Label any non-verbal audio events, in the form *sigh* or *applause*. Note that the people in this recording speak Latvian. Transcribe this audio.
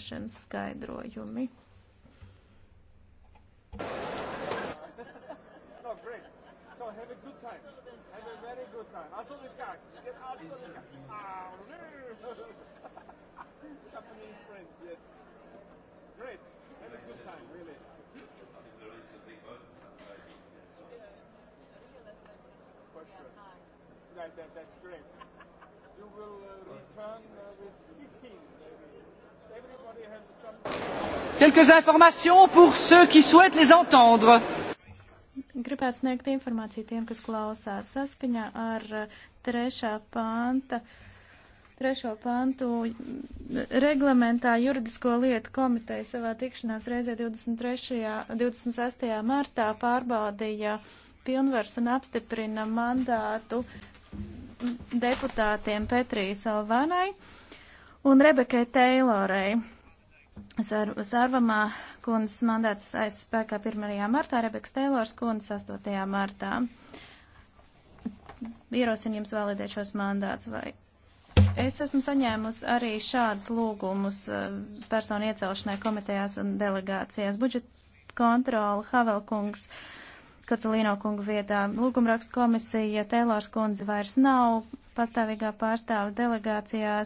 balsošanas skaidrojumi. Have a good time. Have a very good time. Azul Sky. Get Azul Sky. Ah, *laughs* Japanese friends, yes. Great. Have a good time, really. For sure. That, that, that's great. You will uh, return. Uh, Quelques informations pour ceux qui souhaitent les entendre. Gribētu sniegt informāciju tiem, kas klausās saskaņā ar uh, trešā panta, trešo pantu reglamentā juridisko lietu komiteja savā tikšanās reizē 23. 26. martā pārbaudīja pilnvars un apstiprina mandātu deputātiem Petrīs Alvanai un Rebekai Teilorei. Sar Sarvamā kundzes mandāts aizspēkā 1. martā, Rebekas Teilors kundzes 8. martā. Ierosinu jums validēt šos mandāts vai Es esmu saņēmusi arī šādus lūgumus eh, personu iecelšanai komitejās un delegācijās. Budžeta kontrola Havelkungs, Kocelīno kungu vietā. Lūgumrakstu komisija Tēlārs kundze vairs nav pastāvīgā pārstāva delegācijās.